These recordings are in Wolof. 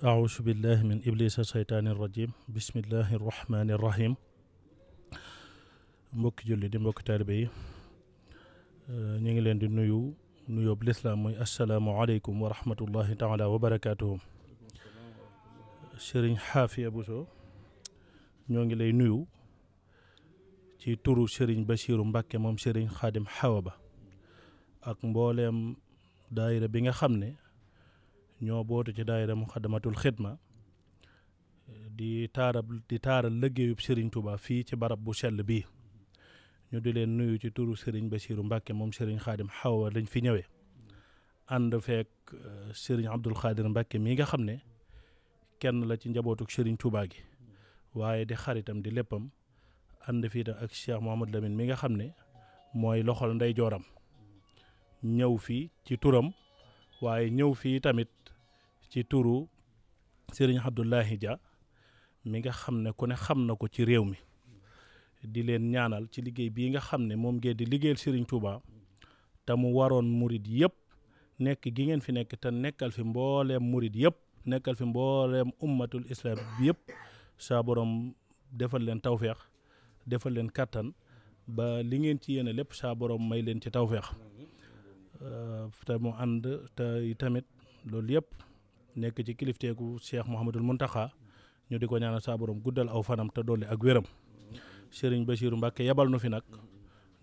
ausu billahi min iblisa seytaani rajim bismillahi rahmaani rahim mbokki julli di mbokki taalibe yi ñu ngi leen di nuyu nuyoob lislaam mooy asalaamualeykum wa rahmatullahi taala wa barakaatuhu sëriñ xaafiya buso ñoo ngi lay nuyu ci turu sëriñ Bachiru mbakke moom sëriñ xaadim xawa ba ak mbooleem daayira bi nga xam ne ñoo bootu ci daayira muxadamatul xidma di taarab di taaral lëggéeyub sëriñ Tuubaa fii ci barab bu sell bii ñu di leen nuyu ci turu Serigne Bassirou Mbacke moom sëriñ Khadim Awa lañ fi ñëwee ànd feek euh, Serigne Abdoul Khadir Mbacke mii nga xam ne kenn la ci njabootuk Serigne Touba gi waaye di xaritam di léppam ànd fii tam ak Cheikh Mouhamad Lamine mi nga xam ne mooy loxol ndey jooram ñëw fii ci turam waaye ñëw fii tamit ci turu Serigne Abdoulahi Dia mi nga xam ne ku ne xam na ko ci réew mi. di leen ñaanal ci liggéey bii nga xam ne moom ngeen di liggéeyal Serigne Touba te mu waroon murid yépp nekk gi ngeen fi nekk te nekkal fi mbooleem murid yëpp nekkal fi mbooleem ummatul islam yëpp saa defal leen tawféex defal leen kàttan ba li ngeen ci yéene lépp saa may leen ci tawféex te mu ànd te tamit loolu yëpp nekk ci kilifteeku Cheikh Mouhamadul Mountakha ñu di ko ñaanal saa borom guddal aw fanam te dolli ak wéram. Serigne Bassirou mbakk yebal nu fi nag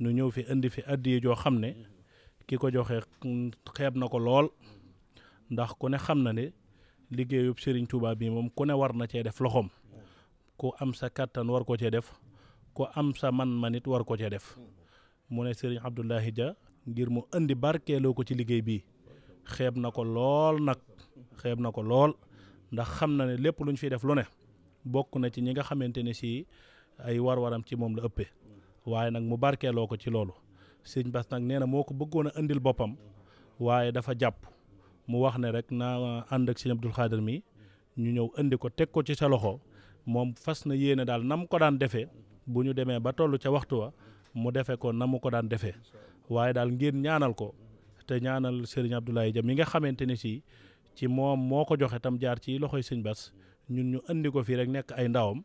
nu ñëw fi indi fi addiye joo xam ne ki ko joxe xeeb na ko lool ndax ku ne xam na ne liggéeyub Serigne Touba bi moom ku ne war na cee def loxoom ku am sa kàttan war ko cee def ku am sa man-man war ko cee def mu ne Serigne Abdoulahi Dia ngir mu indi barkeeloo ko ci liggéey bii xeeb na ko lool nag xeeb na ko lool ndax xam na ne lépp lu ñu fiy def lu ne bokk na ci ñi nga xamante ne si ay war-waram ci moom la ëppee waaye nag mu barkeeloo ko ci loolu sëñ bas nag nee na moo ko bëggoon a indil boppam waaye dafa jàpp mu wax ne rek naa ànd ak sëñ Abdul Xaadir ñu ñëw indi ko teg ko ci sa loxo moom fas na yéene daal na mu ko daan defee bu ñu demee ba toll ca waxtu wa mu defee ko na mu ko daan defee waaye daal ngeen ñaanal ko te ñaanal sëriñ Abdoulaye Dia mi nga xamante ne si ci moom moo ko joxe tam jaar ci loxoy sëñ Bass ñun ñu indi ko fii rek nekk ay ndawam.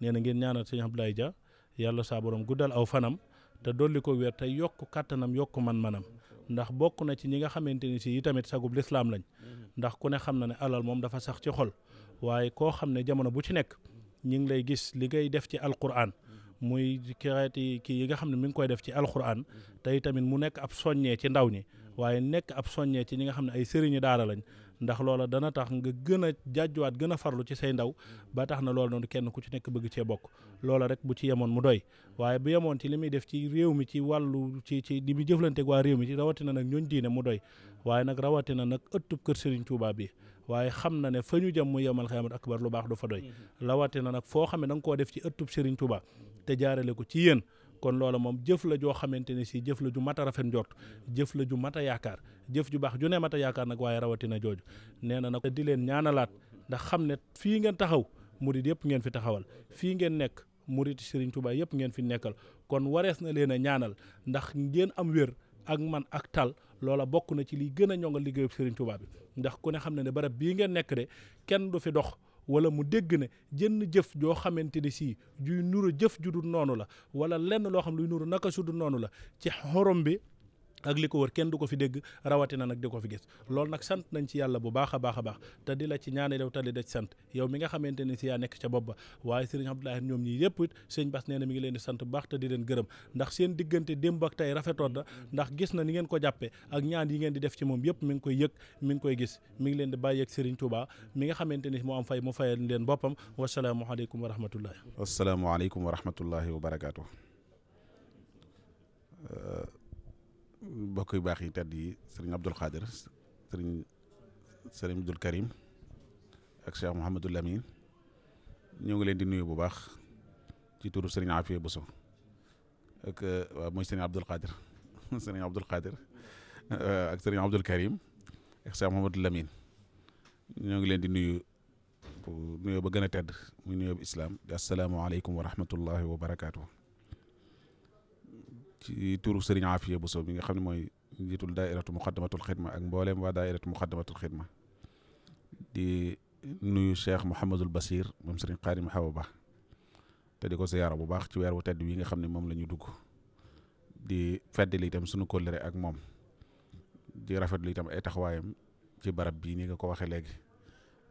nee na ngeen ñaanal sëñ Abdoulaye Dia yàlla saa borom guddal aw fanam te dolli ko wér te yokk kàttanam yokk man-manam ndax bokk na ci ñi nga xamante ni si itamit sagub lislaam lañ ndax ku ne xam na ne alal moom dafa sax ci xol waaye koo xam ne jamono bu ci nekk ñi ngi lay gis li ngay def ci alquran muy xeeti kii yi nga xam ne mu ngi koy def ci alquran te itamit mu nekk ab soññee ci ndaw ñi waaye nekk ab soññee ci ñi nga xam ne ay sëriñu daara lañ ndax loola dana tax nga gën a jàjjuwaat gën a farlu ci say ndaw ba tax na loolu noonu kenn ku ci nekk bëgg cee bokk loola rek bu ci yemoon mu doy waaye bu yemoon ci li muy def ci réew mi ci wàllu ci ci li muy jëflanteeg waa réew mi ci rawatina nag ñooñ diine mu doy waaye nag rawatina nag ëttub kër Serigne Touba bi waaye xam na ne fa ñu jëm mu yemal xiyaamat akbar lu baax du fa doy mm-hmm. rawatina nag foo xam ne da koo def ci ëttub Serigne Touba te jaarale ko ci yéen kon loola moom jëf la joo xamante ne si jëf la ju mat a rafet njort jëf la ju mat a yaakaar jëf ju baax ju ne mat yaakaar nag waaye rawatina jooju nee na nag di leen ñaanalaat ndax xam ne fii ngeen taxaw mu di yëpp ngeen fi taxawal fii ngeen nekk mu di Serigne Touba yëpp ngeen fi nekkal kon warees na leen a ñaanal ndax ngeen am wér ak man ak tal loola bokk na ci liy gën a ñongal liggéeyub Serigne Touba bi ndax ku ne xam ne ne barab bii ngeen nekk de kenn du fi dox wala mu dégg ne jënn jëf joo xamante ni sii juy nuru jëf ju dul noonu la wala lenn loo xam luy nuru naka su dul noonu la ci xorom bi ak li ko wër kenn du ko fi dégg rawatina nag di ko fi gis loolu nag sant nañ ci yàlla bu baax a baax a baax te di la ci ñaane yow tali da ci sant yow mi nga xamante ne si yaa nekk ca bopp ba waaye sëriñ Abdoulaye ñoom ñi yëpp it sëñ nee na mi ngi leen di sant bu baax te di leen gërëm ndax seen diggante démb ak tey rafetoon na ndax gis na ni ngeen ko jàppee ak ñaan yi ngeen di def ci moom yëpp mi ngi koy yëg mi ngi koy gis mi ngi leen di bàyyi ak sëriñ Touba mi nga xamante ni moo am fay mu fay leen boppam wasalaamualeykum wa rahmatullahi wasalaamualeykum wa rahmatullahi wa barakaatu bokk yu baax yi tedd yi sëriñ Abdul Xaadir sëriñ sëriñ Abdul Karim ak Cheikh Mouhamadul Amin ñoo ngi leen di nuyu bu baax ci turu sëriñ ak euh, waaw mooy sëriñ Abdul Xaadir sëriñ Abdul euh, ak sëriñ Abdul Karim ak Cheikh Mouhamadul Amin ñoo ngi leen di nuyu nuyu ba gën a tedd muy nuyu bu islaam asalaamaaleykum wa rahmatullahi wa ci turu Serigne bu Bousso bi nga xam ne mooy njiitul daairatu muxaddamatul xidma ak mbooleem waa daairatu muxaddamatul xidma di nuyu Cheikh Mouhamadul Basir moom Serigne Xaadim Awa Ba te di ko ziyaara bu baax ci weer wu tedd wi nga xam ne moom la ñu dugg di feddali itam sunu kóllëre ak moom di rafetlu itam ay taxawaayam ci barab bii ni nga ko waxee léegi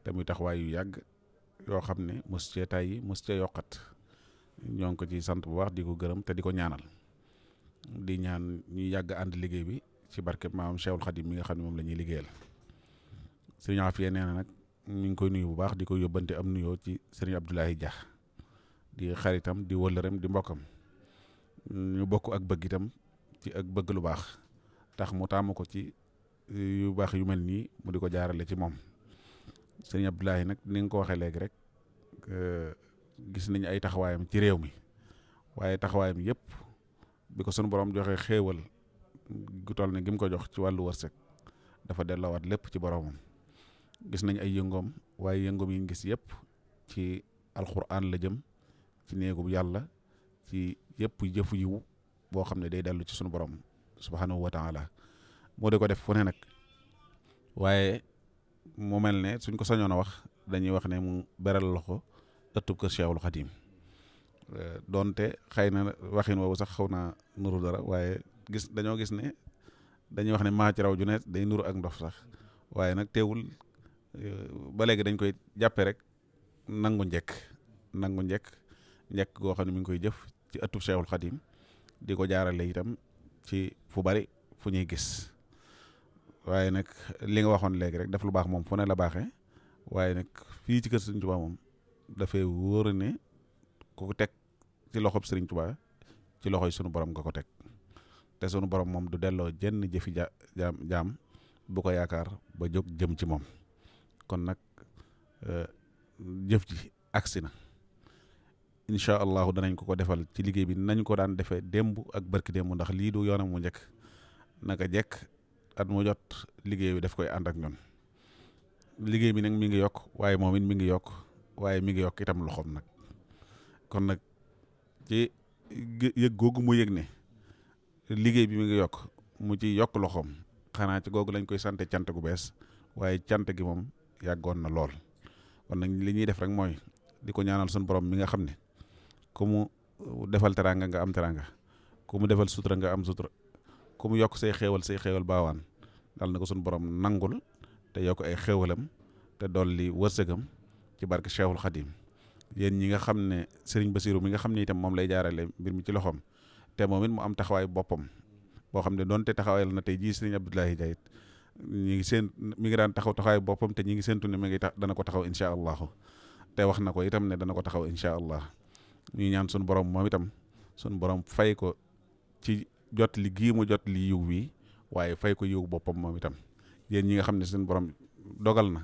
te muy taxawaay yu yàgg yoo xam ne mos cee tàyyi mos cee yokkat ñoo ngi ko ci sant bu baax di ko gërëm te di ko ñaanal di ñaan ñu yàgg ànd liggéey bi ci barkeb maam Cheikhul Khadim mi nga xam ne moom la ñuy liggéeyal sëriñ Afia nee na nag ñu ngi koy nuyu bu baax di ko yóbbante am nuyoo ci sëriñ Abdoulaye Dia di xaritam di wëllëram di mbokkam ñu bokk ak bëgg itam ci ak bëgg lu baax tax mu taamu ko ci eh, yu baax yu mel nii mu di ko jaarale ci moom sëriñ Abdoulaye nag ni nga ko waxee léegi rek eh, gis nañu ay taxawaayam ci réew mi waaye taxawaayam yëpp. bi ko sunu borom joxe xéewal gu toll ne gi ko jox ci wàllu wërsëg dafa delloowaat lépp ci boromam gis nañ ay yëngoom waaye yëngoom yi ñu gis yëpp ci alxuraan la jëm ci néegub yàlla ci yëpp jëfu yiw boo xam ne day dellu ci sunu borom subhanahu wa taala moo de ko def fu ne nag waaye mu mel ne suñ ko sañoon a wax dañuy wax ne mu beral loxo ëttub kër Cheikhul Xadim Euh, donte xëy na waxin woowu sax xaw naa nuru dara waaye gis dañoo gis ne dañuy wax ne maa ci raw ju ne day nuru ak ndof sax waaye nag teewul euh, ba léegi dañ koy jàppe rek nangu njekk nangu njekk njekk goo xam ne mi ngi koy jëf ci ëttub Cheikhul Khadim di ko jaarale itam ci fu bari fu ñuy gis waaye nag li nga waxoon léegi rek def lu baax moom fu ne la baaxe waaye nag fi ci kër Sëriñ Tuubaa moom dafay wóor ku ko teg ci loxob Sëriñ Tuubaa ci loxoy sunu borom nga ko teg te sunu borom moom du delloo jenn jëfi ja jaam jaam bu ko yaakaar ba jog jëm ci moom kon nag euh, jëf ji agsi na incha allahu danañ ko ko defal ci liggéey bi nañ ko daan defee démb ak barki démb ndax lii du yoonam mu njëkk naka jekk at mu jot liggéey bi def koy ànd ak ñun liggéey bi nag mi ngi yokk waaye moom it mi ngi yokk waaye mi ngi yokk itam loxoom nag kon nag ci yëg googu mu yëg ne liggéey bi mu ngi yokk mu ci yokk loxoom xanaa ci googu lañ koy sante cant gu bees waaye cant gi moom yàggoon na lool kon nag li ñuy def rek mooy di ko ñaanal suñu borom mi nga xam ne ku defal teraanga nga am teraanga ku mu defal sutura nga am sutura ku yokk say xéewal say xéewal baawaan dal na ko suñu borom nangul te yokk ay xéewalam te dool li wërsëgam ci barke Cheikhul Khadim yéen ñi nga xam ne Serigne Bassirou mi nga xam ne itam moom lay jaarale mbir mi ci loxoom te moom it mu am taxawaay boppam boo xam ne donte taxawaayal na tey jii Serigne Abdoulaye Ndiaye seen mi taxaw taxawaay boppam te ñi ngi séentu ne mi ngi tax dana ko taxaw incha allahu te wax na ko itam ne dana ko taxaw incha allah ñu ñaan suñu borom moom itam sun borom fay ko ci jot li gii jot li yiw wi waaye fay ko yiw boppam moom itam yéen ñi nga xam ne suñu borom dogal na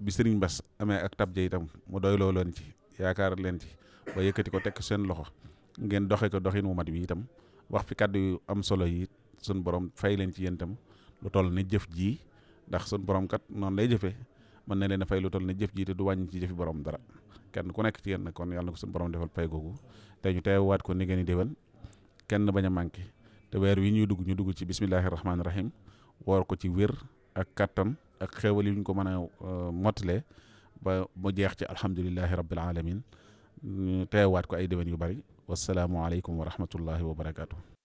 bi Serigne mbas amee ak tab ja itam mu doy loo loon ci yaakaar leen ci ba yëkkati ko tekk seen loxo ngeen doxe ko doxin wu mat bi tam wax fi kàddu yu am solo yi sun borom fay leen ci yéen itam lu toll ni jëf jii ndax sun borom kat noonu lay jëfee mën na leen a fay lu toll ni jëf jii te du wàññi ci jëfi borom dara kenn ku nekk ci yenn kon yàlla na ko sun borom defal pay googu te ñu teewaat ko ni ngeen di déwén kenn baña a te weer wi ñuy dugg ñu dugg ci bismillahi rahmaani rahim woor ko ci wér ak kattan ak xéewal yi ñu ko mën a euh, mottalee ba mu jeex ci alhamdulillah rabbil alamin teewaat ko ay déwén yu bari wasalaamualeykum wa rahmatullahi wa barakaatu.